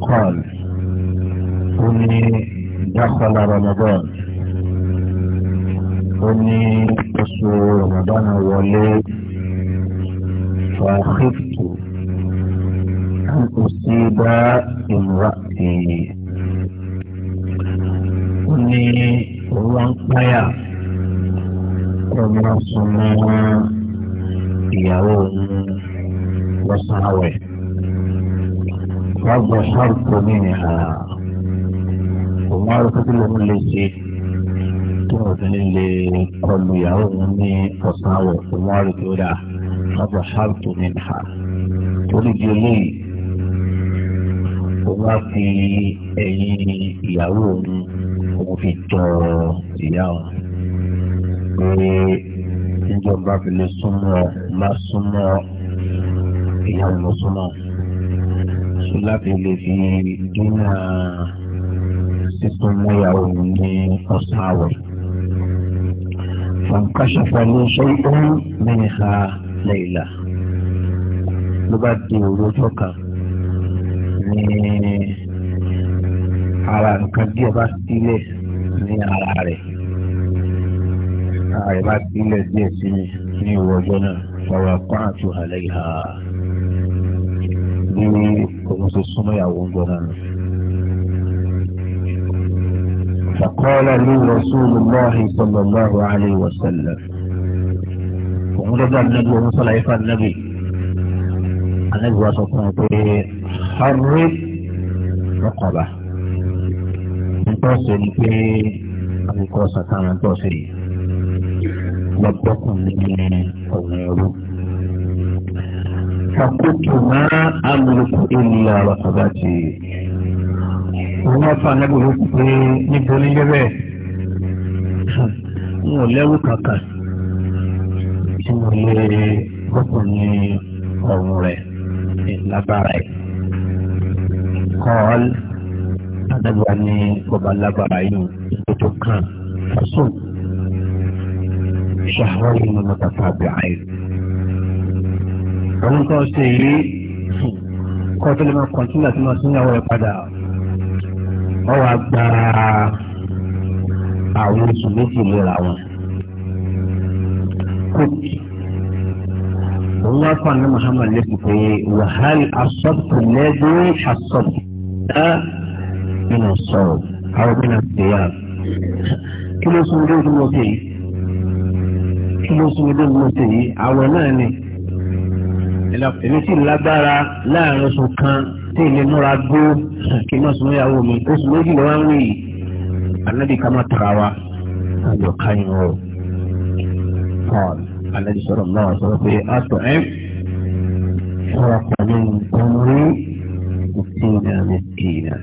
قال أني دخل رمضان أني أسر رمضان ولي فخفت أن أصيب امرأتي أني وانقيا ومن صنع يوم وصاوي فبشرت منها وما رفض لهم ليس تنظن اللي قالوا يعوني فصاوة وما رفض لها فبشرت منها تريد لي wá fi ẹ̀yìn ìyàwó òun fi tọ ìyá wọn pé níjọba fi lè súnmọ́ má súnmọ́ ìyá òun lọ súnmọ́ láti lè fi dínà sísun mọ́yàwó ní ọ̀sán àwẹ̀. فانكشف لي شيء منها ليلة ló bá di òru ọjọ́ kan ní ara nǹkan díẹ̀ bá sílẹ̀ ní ara rẹ̀ ara rẹ̀ bá sílẹ̀ díẹ̀ sí ní ìwọ ọjọ́ náà ọ̀rọ̀ kan àti òhàlẹ́ ìhà bí òun ṣe súnmọ́ ìyàwó ń jọ náà. Fàkọ́lá ní Rasulullahi sallallahu alayhi wa sallam. Òun dọ́gba nàbí òun sọ̀lá ifá nàbí. Anábì wa sọ fún un pé Harry Rọ́kọ̀bá. Ntọ́sẹ̀ ni pé àkókò sàkàrà ntọ́sẹ̀ yìí. Lọ́gbọ́kùn ní ọ̀nà ẹ̀rú fàkótó náà amúlùkù ìlà àbàtì. Òun náà fà náà gbòòrò pé níbo ní yẹ́ bẹ́ẹ̀. N ò lẹ́wù kàkà tí mo lè gbọ́kàn ní ọ̀run rẹ̀ lágbára ẹ̀. Kọ́ọ́l Adébọ̀wá ní ọba lágbára yìí ètò kan. Fọ́sùn. شهرين متتابعين àwọn tó ṣe yìí kọ́ tó lè máa kọ́ńtínú àti máa súnyàwó rẹ̀ padà wọ́n wá gba àwọn oṣù méjì léra wọn. òun wá fún àná Muhammad lẹ́kùn pé wàhálì asọ́pù lẹ́dí asọ́pù dá nínú sọ̀rọ̀ àwọn ọmọ náà ṣe yá. kí ló sún ojú ojú yìí? kí ló sún ojú ojú yìí? àwọn náà ni èmi sì lágbára láàrin oṣù kan tí ilé múra gbó kí n má sún ìyàwó mi oṣù méjì lọ́wọ́ ń rí yìí anábì ká má tara wa àjọ káyìn o paul anábì sọ̀rọ̀ náà sọ̀rọ̀ pé àtọ̀ ẹ́ sọ̀rọ̀ pẹ̀lú nǹkan rí ìtìyà mi kìíyà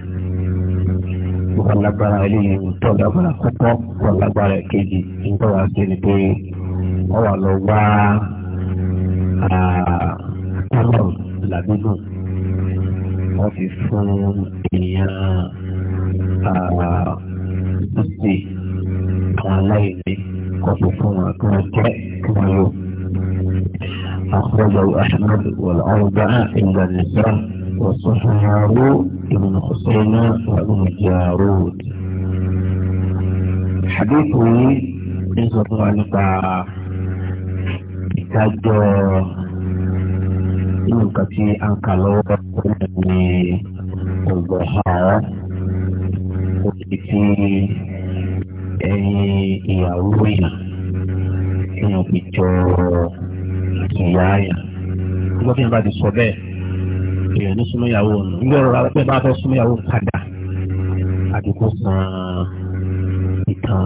wọ́n lágbára eléyìí nǹkan lágbára kọ́kọ́ wọ́n lágbára kejì nǹkan wà sí ni pé wọ́n wà lọ wá sábà làbíbù wọ́n fi fún èèyàn ṣíṣe àwọn aláìní kó fi fún wọn kí wọ́n jẹ́ kí wọ́n lò. أخرجه أحمد والأربعة عند النساء وصححه ابن خزيمة وابن جارود. حديثه يزور عن ìdájọ́ nínú nǹkan tí a ń kà lọ́wọ́ ní ọgbọ̀n àwọn òbí tí ẹyin ìyàwó èèyàn èèyàn fi jọ ìyá èèyàn nígbà tí wọn bá ti sọ bẹ́ẹ̀ èèyàn ní súnmọ́ ìyàwó ọ̀nà nígbà ọ̀rọ̀ rárá bá a fẹ́ súnmọ́ ìyàwó padà àdìgbò san ìtàn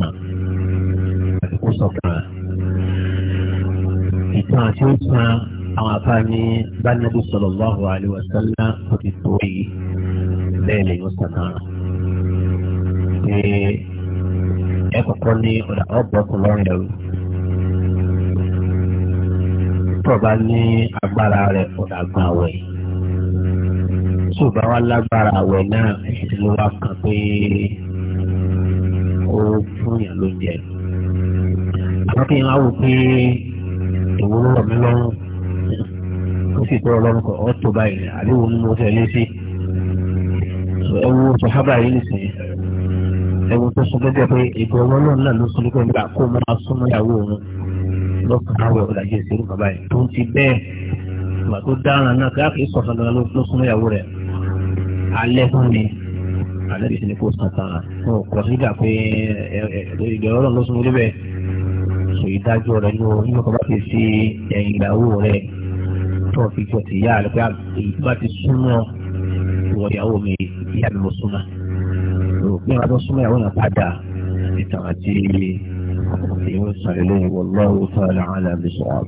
àdìgbò sọ̀kan ìtàn àti ó san àwọn afáàní bánábí sallallahu alaihi wasallam kò ti tó yìí bẹ́ẹ̀ lè yóò sànà pé ẹ kọ́kọ́ ní ọ̀dà ọ̀bọ̀kùn lọ́rùn ẹ̀rù tó bá ní agbára rẹ̀ ọ̀dà gbà wẹ̀ tó bá wà lágbára àwẹ̀ náà ẹ̀sìn ló wá kan pé ó fún yàn lóúnjẹ. àwọn kí n wá wò pé ìwúrọ̀ mi lọ́rùn sì tọ́ ọlọ́run kọ̀ ọ́ tó báyìí ni àbí wo ni mo fẹ́ lé sí. ẹ wo sọ̀hábà yìí nìsín ẹ wo tó sọ gẹ́gẹ́ pé ìgbà ọlọ́run náà ló sún nípa kó máa súnmọ́ ìyàwó òun lọ́kàn áwọ̀ ọ̀dàjẹ́ ìṣèlú bàbá yìí tó ń ti bẹ́ẹ̀ ìgbà tó dáràn náà káàkì sọ̀tàn dandan ló súnmọ́ ìyàwó rẹ̀ alẹ́ fún mi alẹ́ bìí ni kò sàtàn náà kọ̀ sígbà pé ìgbà ọlọ́run ló súnmọ́ débẹ̀ sọ ìdájọ́ rẹ̀ ló nígbà kan bá ti fi ẹ̀yìn tó fi jọ ti yá rẹ̀ pé èyí tó bá ti súnmọ́ ìwọ ìyàwó mi ìyá mi mo súnmọ́ òpin àbọ̀ súnmọ́ ìyàwó náà padà ìtàn àti ìwé sàrẹ̀ lóyún wallahu ta'ala a'lam bishawab.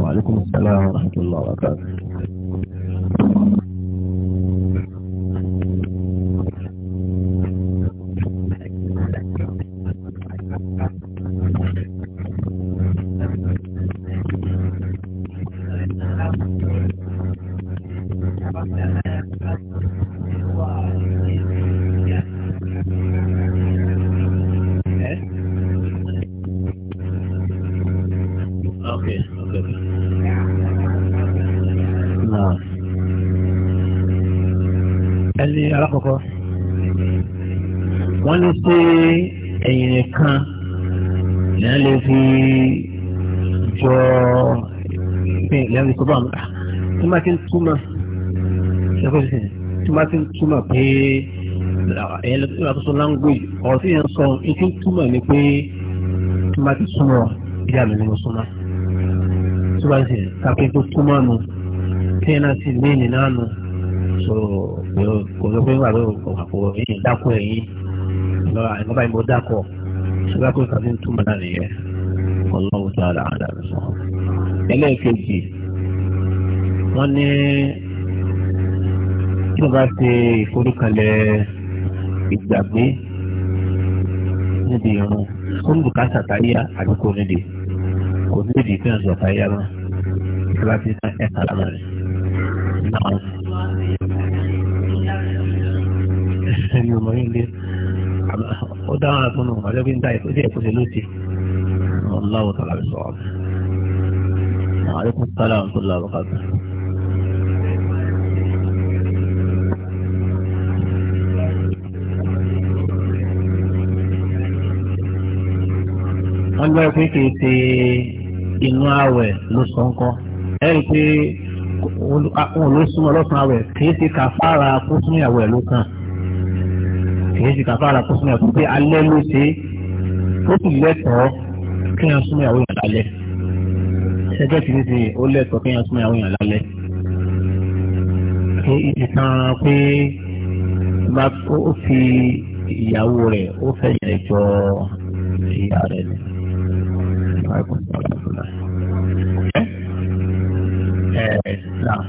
Wa alaykum assalam wa rahmatullahi wa barakatuh. alákọ̀ọ́kọ́ wọ́n ní ṣé ẹ̀yìn nìkan lẹ́yìn lè fi jọ lẹ́yìn lè sọ́bà ah, tí máa ti ń túmọ̀ ṣẹ́kọ̀ọ́ sí tí máa ti ń túmọ̀ pé ah, ẹ̀yìn lè sọ language ọ̀rọ̀ tí yẹn sọ ní ti ń túmọ̀ ni pé tí máa ti súnmọ́ ìyá mi ni mo súnmọ́ tí máa ti sàpé tó túmọ̀ nù tí yẹn náà sì léènì náà nù so kò ló pé wà ló kò yìí dákọ ẹ̀yìn lọ́wọ́ àìmọ́ báyìí mo dákọ ṣùgbọ́n kò sàbí túmọ̀ náà nìyẹn ọlọ́run tó ara àdá mi sọ. ẹlẹ́ẹ̀kejì wọ́n ní tí wọ́n bá ṣe ìforúkalẹ̀ ìgbàgbé níbi ìrún kó ní bùkátà táyà àbí kò nídi kò nídi fẹ́ràn sọ̀tàyà náà ìfúrásì náà ẹ̀ sàlámà rẹ̀ náà. ẹni ọmọ yìí lé ó dáhùn àtúnú àjọpín dá ìfẹ́ sí ẹ̀kọ́ sí lóṣì ọláwọ̀ tàbí àbí sọ̀rọ̀ àlékún sálà ń tó lọ́wọ́ kàtó. wọ́n gbọ́ pé kì í ṣe inú àwẹ̀ ló sọ ń kọ́ ẹ rí i pé òun ló súnmọ́ lọ́sàn-án àwẹ̀ kì í ṣe kàfàrà kó súnmọ́ ìyàwó ẹ̀ ló kàn kìí ṣe kàfàrà kó súnmọ́ àtúntò alẹ́ ló ṣe ó sì lẹ́tọ̀ọ́ kí wọ́n súnmọ́ ìyàwó yàn lálẹ́ ṣẹ́jẹ́ ti ní ṣe ó lẹ́tọ̀ọ́ kí wọ́n súnmọ́ ìyàwó yàn lálẹ́ ìtàn pé ó fi ìyàwó rẹ̀ ó fẹ́ yẹn jọ ìyá rẹ̀ ni. Ẹ ẹ náà.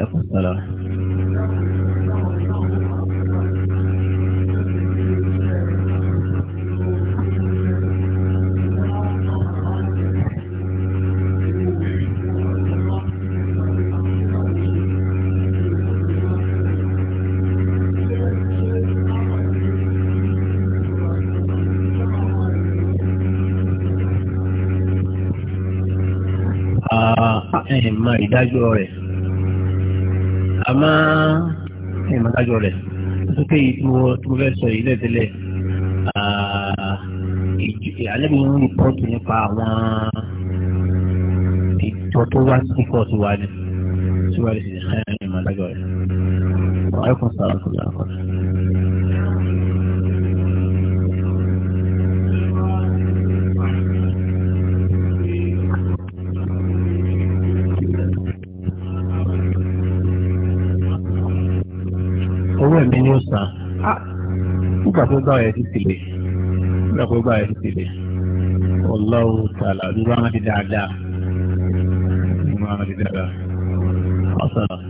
Ẹ kò sọ̀rọ̀. sì mọ ìdájọ́ rẹ̀ àmọ́ ìmọ̀ ìdájọ́ rẹ̀ sókè yìí tí mo tí mo fẹ́ sọ yìí lẹ́tẹ̀lẹ̀ alẹ́ mi ń rìpọ́ọ̀tù nípa àwọn ìjọ tó wá sí kọ́ọ̀tù wa ni síwájú sí ìmọ̀ ìdájọ́ rẹ̀ wàhálà kan sáà kò lọ́kọ̀ọ́. ní ọ̀sán ah, nígbà tó bá ẹ̀ títí lè nígbà tó bá ẹ̀ títí lè Allahu ta'ala lórí àwọn ti dáadáa lórí àwọn ti dáadáa ọ̀sán.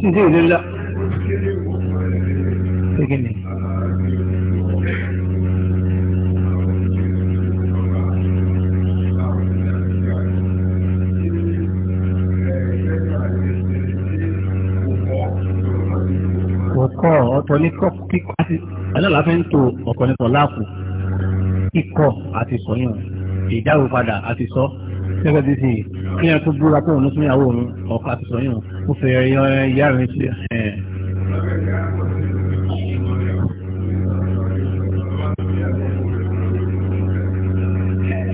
sí ìdí ńlá. Ọkọ̀ ọ̀tọ̀ ní kọ́ kíkọ́ àti alálàáfẹ́ ń to ọ̀kọ̀ nípa láàpù kíkọ́ àti sọ́yìn ìdáhùn padà àti sọ́ gẹ́gẹ́ bí ti kí ẹ tó búra pé òun fún ìyàwó òun ọkọ̀ àti sọ́yìn òun. yo eh, ya decía, Eh.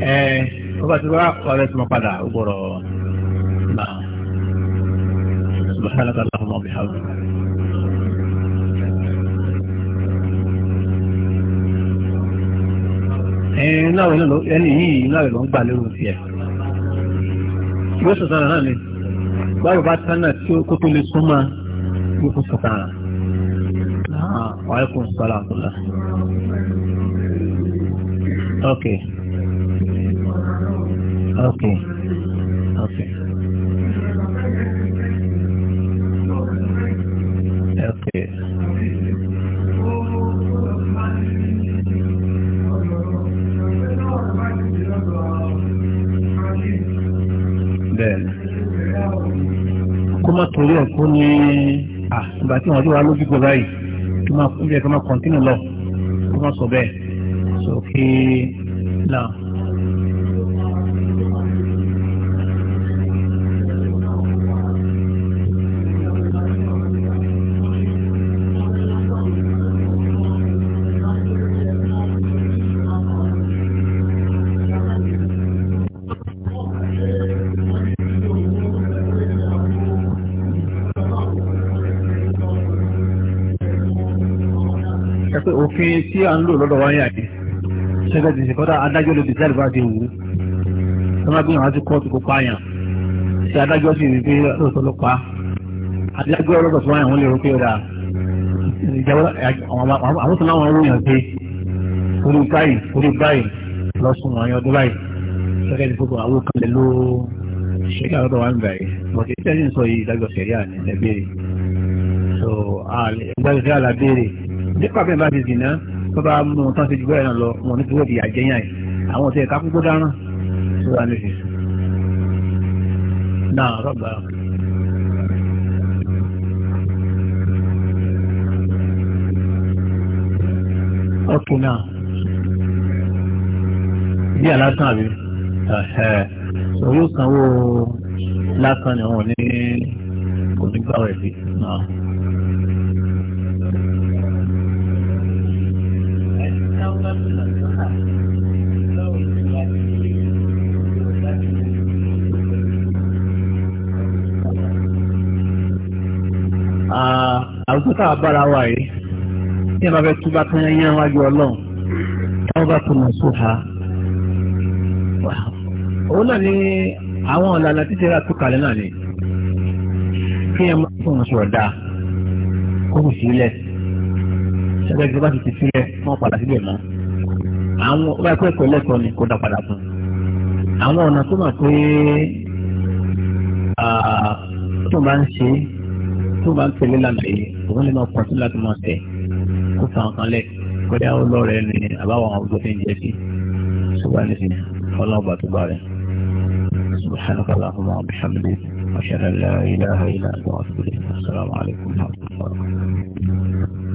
Eh, eh, no, no, no, no, no, no no, no, no, no, no, no no, no, no, no, no no, no, no, no no, no, no no, báwo bá tánà tí ó kó tó lè súnmọ́ yóò kó sọ̀tà rà. Ah, wàhálà sọ̀rọ̀ ok ok ok. Okay. Then kó má torí ẹ̀ kó ní ìgbà tí wọ́n ti wá lójú gbọ́ báyìí kí máa kú bí ẹ̀ kí máa kọ́ntínú lọ kó má sọ bẹ́ẹ̀ sọ kí náà. pé òfin tí à ń lò lọ́dọ̀ wáyé àyè ṣẹ́gbẹ́ ti ṣèkọ́dá adájọ́ lè dìtẹ́lì bá ti wù ú tó má gbìyànjú àti kóòtù kó pààyàn ṣe adájọ́ sì rí pé lóòótọ́ ló pa adájọ́ lọ́dọ̀ tó wáyé wọn lè rò pé ọ̀dà àwọn tó láwọn ròyìn pé orí báyìí orí báyìí lọ́sùn àwọn ọdún báyìí ṣẹ́gbẹ́ ti gbogbo àwọn kan lè lo ṣẹ́gbẹ́ lọ́dọ̀ wáyé báyìí bọ̀dé nípa bẹ́ẹ̀ bá ti dì náà tó bá mú un tán ṣe jù bẹ́ẹ̀ náà lọ wọn ní tí wọ́n di àjẹyàn yìí àwọn ọ̀tẹ̀ ẹ̀ka púpọ̀ dáràn tó wà ní ìṣẹ̀ṣẹ̀. náà rọ́bà. ọ̀tún náà bí alásán àbí òun yóò sanwó lásán ni wọn ní kò ní gbàwẹ̀ bí náà. Ah, àwùjọ tá a bára wa yìí tí a bá fẹ́ túbá tó yẹn yẹn wájú ọlọ́run táwọn bá tó mọ̀ sóha òun náà ni àwọn ọ̀làlà títí ra tó kalẹ̀ náà ni kí ẹ máa fún ọ̀ṣọ́ ọ̀dà kó kù sílẹ̀ ṣẹ́gbẹ́ gbé bá ti ti sílẹ̀ wọ́n padà sílẹ̀ mọ́ àwọn ọba akẹ́kọ̀ọ́ lẹ́kọ̀ọ́ ni kó dá padà fún un àwọn ọ̀nà tó mà pé tó máa ń ṣe tó máa ń tẹ̀lé lànà yìí òun lè máa pọ̀tún láti máa tẹ̀ kó fa nǹkan lẹ̀ kọjá ó lọ́ọ̀rẹ́ ni àbáwọn ọgbọ́n fi ń jẹ́ sí ṣùgbọ́n nísìnyí ọlọ́ọ̀bà tó bá rẹ̀ سبحانك اللهم وبحمدك أشهد أن لا إله إلا أنت وأتوب إليك السلام عليكم ورحمة الله